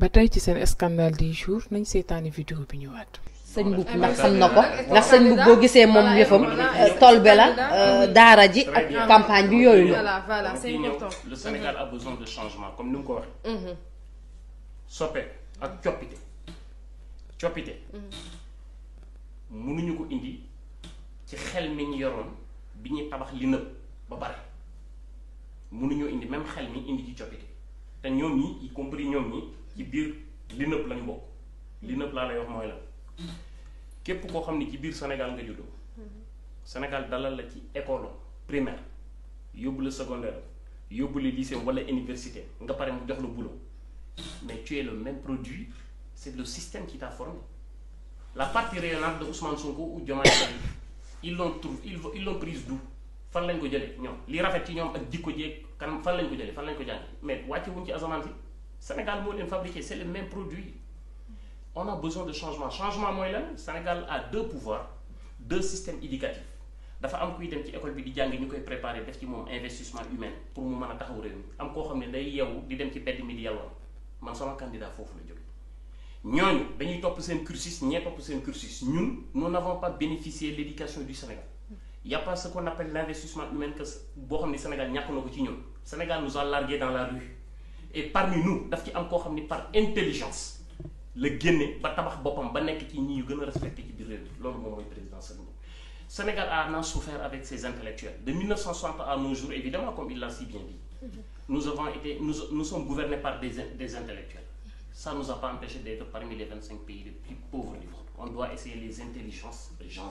ba tey ci seen scandale du jour nañ seetaani vidéo bi ñëwaat. sëñ Mboub ndax xam na ko ndax sëñ Mboub boo gisee moom yëfam euh, tool be la euh, daara ji ak campagne bi yooyu la. voilà voilà ni ko waxee. Mhm. soppe ak coppite coppite. Mhm. mënuñu ko indi ci xel mi ñu yoroon bi ñuy tabax li nëb ba pare mënuñoo indi même xel mi indi ci coppite. te ñoom yi y compris ñoom yi ci biir l'INEP lañ bokk l'INEP laa lay wax mooy la képp koo xam ne ci biir Sénégal nga juddoo mhm. Sénégal dalal la ci école primaire yóbbu la secondaire yóbbu la lycée wala université nga pare mu jox la boulot mais tu es le même produit c'est le système qui t'a formé la partie rayonnante de Ousmane Sonko ou Diomaye Faye ils l'ont trouvé ils l'ont prise d'où fan lañ ko jëlee ñoom li rafet ci ñoom ak jikko jeeg kan fan lañ ko jëlee fan lañ ko jàng mais wàcce wuñ ci asamaan si Sénégal moo leen fabriqué c' est le même produit on a besoin de changement changement mooy lan Sénégal a deux pouvoirs deux systèmes éducatifs dafa am kuy dem ci école bi di jàng ñu koy préparé def ci moom investissement humain pour mu mën a taxaw réew mi am koo xam ne day yeewu di dem ci bedd mi di yàlla man sama candidat foofu la jóge ñooñu dañuy topp seen cursus ñee topp seen cursus ñun nous n'avons pas bénéficié l'éducation du Sénégal il n'y a pas ce qu'on appelle l'investissement humain que le de Sénégal na pas ci Sénégal nous a largué dans la rue et parmi nous daf y a encore par intelligence Le Guinée, ba tabax boppam ba nekk ci ñi respecté ci président Sénégal a un souffert avec ses intellectuels de 1960 à nos jours évidemment comme il l'a si bien dit nous avons été nous sommes gouvernés par des intellectuels ça ne nous a pas empêchés d'être parmi les 25 pays les plus pauvres du monde on doit essayer les intelligences gens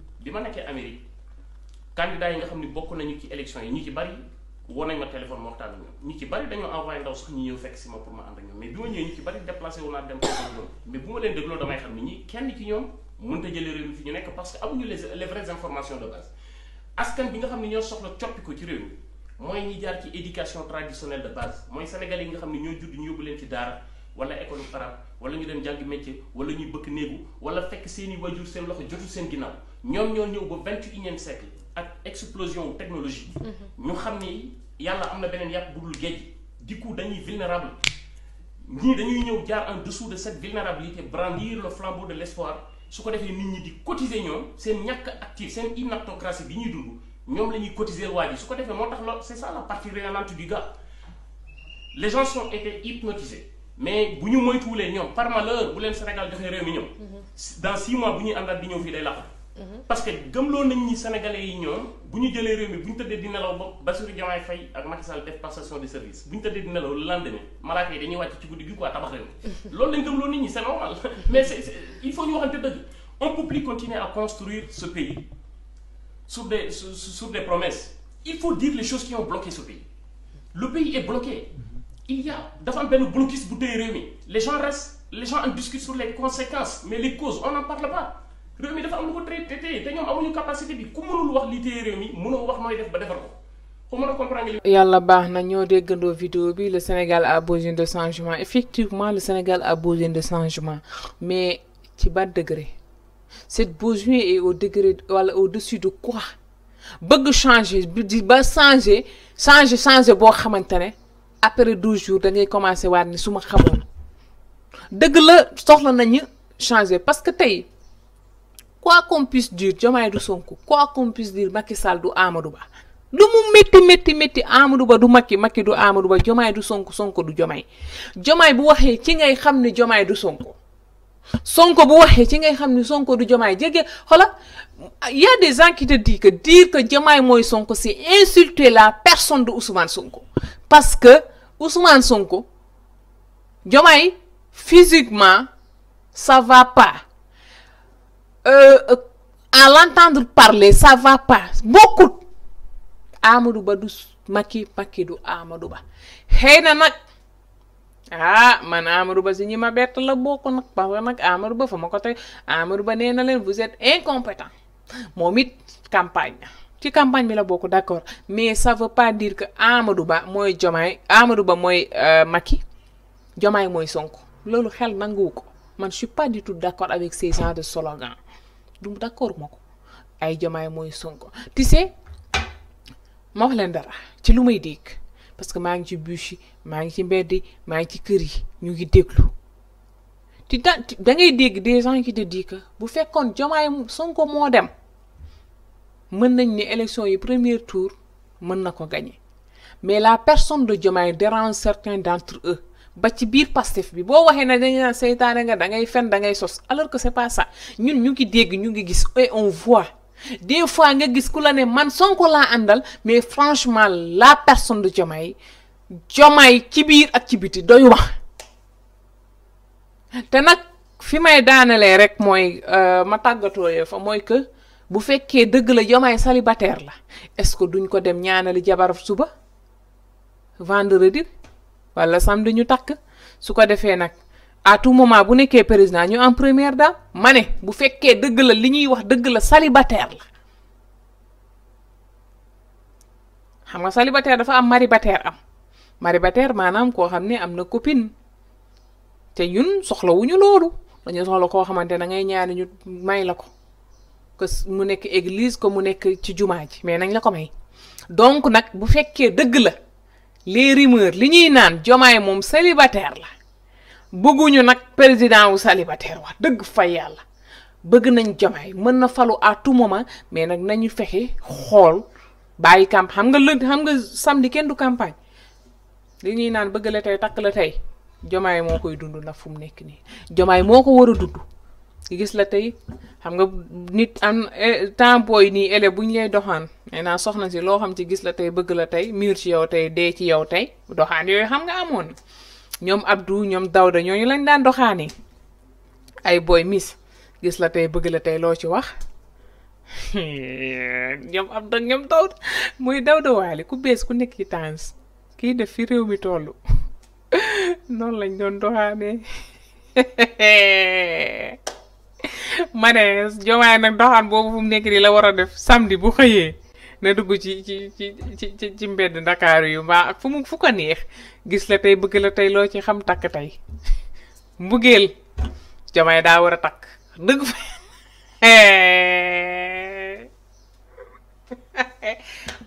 bi ma nekkee Amérique candidats yi nga xam ne bokk nañu ci élection yi ñu ci bari woo nañ ma téléphone ma waxtaan ak ñoom ñu ci bari dañoo envoyé ndaw sax ñu ñëw fekk si ma pour ma ànd ak ñoom mais bi ma ñëwee ñu ci bari déplacé wu naa dem ñoom ñi kenn ci ñoom mënut a jëlee réew fi ñu nekk parce que amuñu les les vraies informations de base askan bi nga xam ne ñoo soxla coppi ko ci réew mi mooy ñi jaar ci éducation traditionnelle de base mooy sénégal yi nga xam ne ñoo judd ñu yóbbu leen ci daara wala école arabe wala ñu dem jàngi métier wala ñuy bëkk néegu wala fekk seen i wajur seen loxo jotul seen ginnaaw ñoom ñoo ñëw ba vingt e siècle ak explosion technologique. Mhm. ñu xam ni yàlla am na beneen yàpp bu dul géej di coup dañuy vulnérable ñii dañuy ñëw jaar en dessous de cette vulnérabilité brandir le flambeau de l'espoir su ko defee nit ñi di cotiser ñoom seen ñàkk actif seen inaptocratie bi ñuy dund ñoom la ñuy cotiser waa ji su ko defee moo tax c'est ça la partie régalante du gars les gens sont été hypnotisés mais bu ñu moytuwulee ñoom par malheur bu leen Sénégal joxee réew mi ñoom mhm. dans six mois bu ñuy àndaat di ñëw fii day laqal Mhm. parce que gëmloo nañ ni sénégalais yi ñoom bu ñu jëlee réew mi bu tëddee di nelaw ba Bassirou Diomaye fay ak Macky Sall def passation de service bu ñu tëddee di nelaw le lendemain malaaka yi dañuy wàcc ci guddi gi quoi tabax réew loolu nit ñi c'est normal mais il faut ñu waxante dëgg on peut plus continuer à construire ce pays sur des sur, des promesses il faut dire les choses qui ont bloqué ce pays le pays est bloqué il y a dafa am benn blocus bu tëye réew les gens restent les gens en discutent sur les conséquences mais les causes on n'en parle pas réew mi dafa am lu ko traité te ñoom amuñu capacité bi ku mënul wax li téye réew mi mënoo wax nooy def ba defar ko. yàlla baax na ñoo déggandoo vidéo bi le Sénégal a besoin de changement effectivement le Sénégal a besoin de changement mais ci bas degré cette besoin est au degré wala au-dessus de quoi bëgg changer di ba changer changer changer boo xamante ne après douze jours da ngay commencé waat ni su ma xamoon dëgg la soxla nañu changer parce que tey quoi qu'on puisse dire Diomaye du Sonko quoi qu'on puisse dire Macky Sall du Amadou Ba lu mu metti métti métti Amadou Ba du Macky Macky du Amadou Ba du Sonko Sonko du Diomaye Diomaye bu waxee ci ngay xam ni du Sonko Sonko bu waxee ci ngay xam Sonko du Diomaye Hola, il y a des gens qui te disent que dire que Diomaye moy Sonko c'est insulter la personne de Ousmane Sonko parce que Ousmane Sonko Diomaye physiquement ça va pas euh, euh, à l'entendre parler, ça va pas. Beaucoup. Amadou Ba Maki, Macky Amadou Ba ah man Amadou Ba si ma bête la bokk nak. parce que nag Amadou Ba fa ma Amadou Ba vous êtes incompétent Momit, campagne Tu campagne mais la bokk d'accord mais ça veut pas dire que Amadou Ba mooy Jomaay Amadou Ba mooy euh, Macky Jomaay moi Sonko loolu xel nangouko. man je suis pas du tout d'accord avec ces gens de slogans suis d'accord mako ay tu sais ma wax dara ci que parce que je suis ci bus ma ngi ci je suis ngi ci kër des gens qui te disent que bu Sonko dem mën nañ ni élection premier tour mën na gagner mais la personne de Diomaye dérange certains d'entre eux ba ci biir Pastef bi boo waxee ne dañu naan seytaane nga dangay fen dangay sos alors que c'est pas ñun ñu ngi dégg ñu ngi gis et on voit des fois nga gis ku la ne man Sonko laa àndal mais franchement la personne de Diomaye Diomaye ci biir ak ci biti doy wax te nag fi may daanalee rek mooy euh, ma tàggatooyee fa mooy que bu fekkee dëgg la Diomaye célibataire la est-ce que duñ ko dem ñaanali jabar suba vendredi wala sam ñu tak su ko defé nak à tout moment bu nekké président ñu en première dame mané bu fekkee deug la li ñuy wax deug la célibataire la xam nga célibataire dafa am maribataire am maribataire maanaam koo xam ne am copine té ñun wuñu lolu dañu soxla ko xamanté da ngay ñaan ñu may la ko ko mu nekk église ko mu nekk ci mais nañ la ko may donc nak bu fekke deug la les rumeurs li ñuy naan jomaay moom célibataire la bëgguñu nag président wu célibataire wax dëgg fa yàlla bëgg nañ jomaay mën na falu à tout moment mais nag nañu fexe xool bàyyi camp xam nga lënd xam nga samedi kenn du campagne li ñuy naan bëgg la tey takk la tey jomaay moo koy dund nag fu mu nekk nii jomaay moo ko war a dund gis la tey xam nga nit am e, temps booy nii élève bu ñu lay doxaan nee soxna si loo xam ci gis la tey bëgg la tey miir ci yow tey dee ci yow tey doxaan yooyu xam nga amoon ñoom Abdou ñoom Dawda ñooñu lañ daan doxaani ay booy miss gis la tey bëgg la tey loo ci wax ñoom Abdou ñoom Dawda muy Dawda ku bees ku nekk ci temps kii def fi réew mi tollu noonu lañ doon doxaanee ma ne Diomaye nag doxaan boobu fu mu nekk nii la war a def samedi bu xëyee na dugg ci ci ci ci ci mbedd ndakaaru yu mbaa ak fu mu fu ko neex gis la tey bëgg la tey loo ci xam takk tey mbugeel Diomaye daa war a takk dëgg fa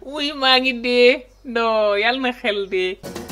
wuy maa ngi dee non yàlla na xel dee